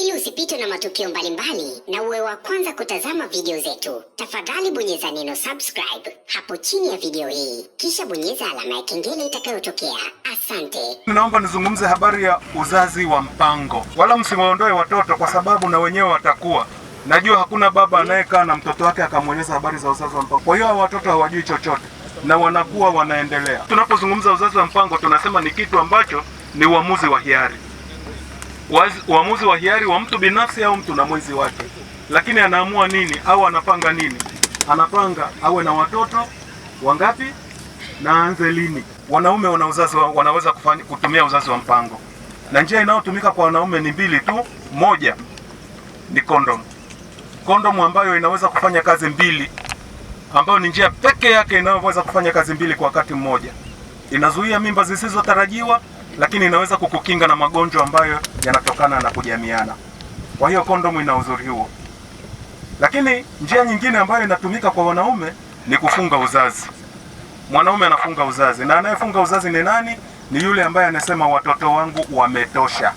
Ili usipitwe na matukio mbalimbali na uwe wa kwanza kutazama video zetu, tafadhali bonyeza neno subscribe hapo chini ya video hii, kisha bonyeza alama ya kengele itakayotokea. Asante. Naomba nizungumze habari ya uzazi wa mpango. Wala msiwaondoe watoto, kwa sababu na wenyewe watakuwa. Najua hakuna baba anayekaa na mtoto wake akamweleza habari za uzazi wa mpango. Kwa hiyo watoto hawajui chochote na wanakuwa wanaendelea. Tunapozungumza uzazi wa mpango, tunasema ni kitu ambacho ni uamuzi wa hiari uamuzi wa hiari wa mtu binafsi au mtu na mwenzi wake. Lakini anaamua nini au anapanga nini? Anapanga awe na watoto wangapi na anze lini. Wanaume wana uzazi wa, wanaweza kufani, kutumia uzazi wa mpango na njia inayotumika kwa wanaume ni mbili tu. Moja ni kondom kondom ambayo inaweza kufanya kazi mbili, ambayo ni njia pekee yake inayoweza kufanya kazi mbili kwa wakati mmoja. Inazuia mimba zisizotarajiwa lakini inaweza kukukinga na magonjwa ambayo yanatokana na kujamiana. Kwa hiyo kondomu ina uzuri huo, lakini njia nyingine ambayo inatumika kwa wanaume ni kufunga uzazi. Mwanaume anafunga uzazi, na anayefunga uzazi ni nani? Ni yule ambaye anasema watoto wangu wametosha.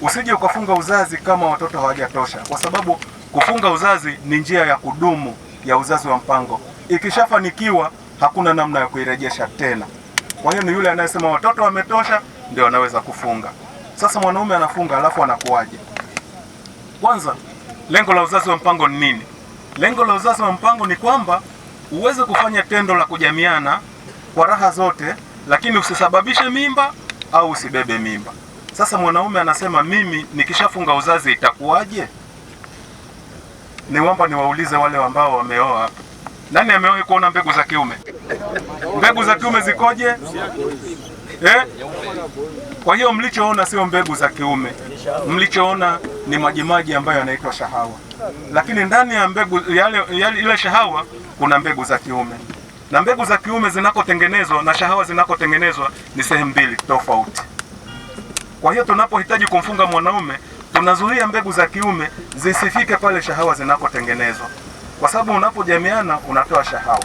Usije ukafunga uzazi kama watoto hawajatosha, kwa sababu kufunga uzazi ni njia ya kudumu ya uzazi wa mpango. Ikishafanikiwa hakuna namna ya kuirejesha tena. Kwa hiyo ni yule anayesema watoto wametosha ndio anaweza kufunga. Sasa mwanaume anafunga alafu anakuaje? Kwanza, lengo la uzazi wa mpango ni nini? Lengo la uzazi wa mpango ni kwamba uweze kufanya tendo la kujamiana kwa raha zote, lakini usisababishe mimba au usibebe mimba. Sasa mwanaume anasema mimi nikishafunga uzazi itakuwaje? Niwamba niwaulize wale ambao wameoa, nani amewahi kuona mbegu za kiume? Mbegu za kiume zikoje eh? Kwa hiyo mlichoona sio mbegu za kiume, mlichoona ni majimaji ambayo yanaitwa shahawa, lakini ndani ya mbegu yale, yale, ile shahawa kuna mbegu za kiume na mbegu za kiume zinakotengenezwa na shahawa zinakotengenezwa ni sehemu mbili tofauti. Kwa hiyo tunapohitaji kumfunga mwanaume tunazuia mbegu za kiume zisifike pale shahawa zinakotengenezwa, kwa sababu unapojamiana unatoa shahawa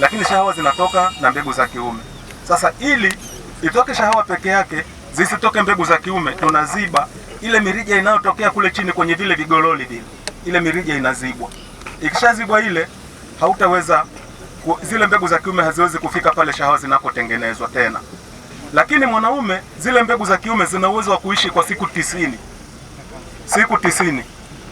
lakini shahawa zinatoka na mbegu za kiume. Sasa ili itoke shahawa peke yake zisitoke mbegu za kiume, tunaziba ile mirija inayotokea kule chini kwenye vile vigololi vile, ile mirija inazibwa. Ikishazibwa ile, hautaweza zile mbegu za kiume haziwezi kufika pale shahawa zinakotengenezwa tena. Lakini mwanaume, zile mbegu za kiume zina uwezo wa kuishi kwa siku tisini, siku tisini.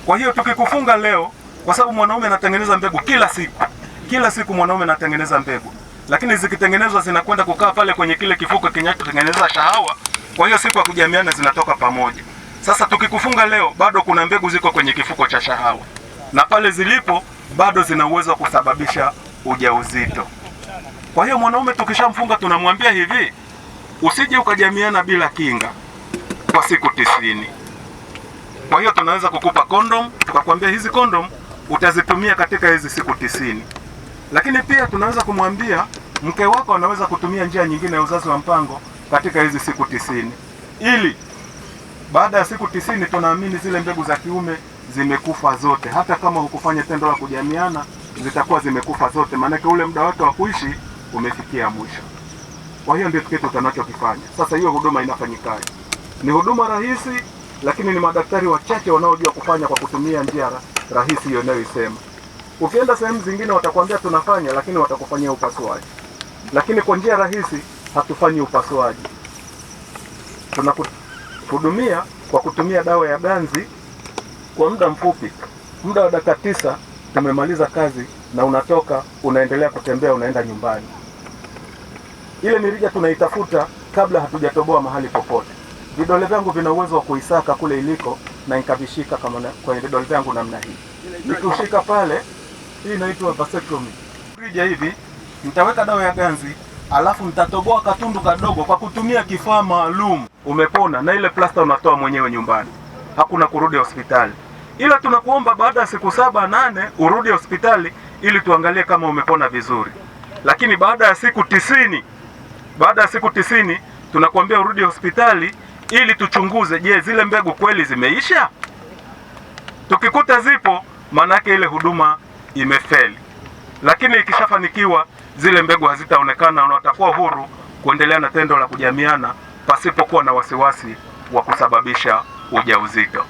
Kwa hiyo tukikufunga leo, kwa sababu mwanaume anatengeneza mbegu kila siku kila siku mwanaume anatengeneza mbegu, lakini zikitengenezwa zinakwenda kukaa pale kwenye kile kifuko kinachotengeneza kahawa. Kwa hiyo siku ya kujamiana zinatoka pamoja. Sasa tukikufunga leo, bado kuna mbegu ziko kwenye kifuko cha shahawa, na pale zilipo bado zina uwezo wa kusababisha ujauzito. Kwa hiyo mwanaume tukishamfunga tunamwambia hivi, usije ukajamiana bila kinga kwa siku tisini. Kwa hiyo tunaweza kukupa kondom, tukakwambia hizi kondom utazitumia katika hizi siku tisini. Lakini pia tunaweza kumwambia mke wako anaweza kutumia njia nyingine ya uzazi wa mpango katika hizi siku tisini, ili baada ya siku tisini tunaamini zile mbegu za kiume zimekufa zote, hata kama hukufanya tendo la kujamiana zitakuwa zimekufa zote, maanake ule muda wake wa kuishi umefikia mwisho. Kwa hiyo ndio kitu tunachokifanya sasa. Hiyo huduma inafanyikaje? Ni huduma rahisi, lakini ni madaktari wachache wanaojua kufanya kwa kutumia njia rahisi hiyo inayoisema. Ukienda sehemu zingine watakwambia tunafanya, lakini watakufanyia upasuaji. Lakini kwa njia rahisi hatufanyi upasuaji, tunakuhudumia kwa kutumia dawa ya ganzi kwa muda mfupi, muda wa dakika tisa tumemaliza kazi na unatoka unaendelea kutembea, unaenda nyumbani. Ile mirija tunaitafuta kabla hatujatoboa mahali popote. Vidole vyangu vina uwezo wa kuisaka kule iliko na nikavishika kama kwenye vidole vyangu namna hii, ikiushika pale hii inaitwa vasectomy. Ukija hivi mtaweka dawa ya ganzi alafu mtatoboa katundu kadogo kwa kutumia kifaa maalum. Umepona, na ile plasta unatoa mwenyewe nyumbani, hakuna kurudi hospitali, ila tunakuomba baada ya siku saba nane urudi hospitali ili tuangalie kama umepona vizuri, lakini baada ya siku tisini baada ya siku tisini tunakuambia urudi hospitali ili tuchunguze, je, zile mbegu kweli zimeisha. Tukikuta zipo, maanake ile huduma imefeli, lakini ikishafanikiwa zile mbegu hazitaonekana na watakuwa huru kuendelea na tendo la kujamiana pasipokuwa na wasiwasi wa kusababisha ujauzito.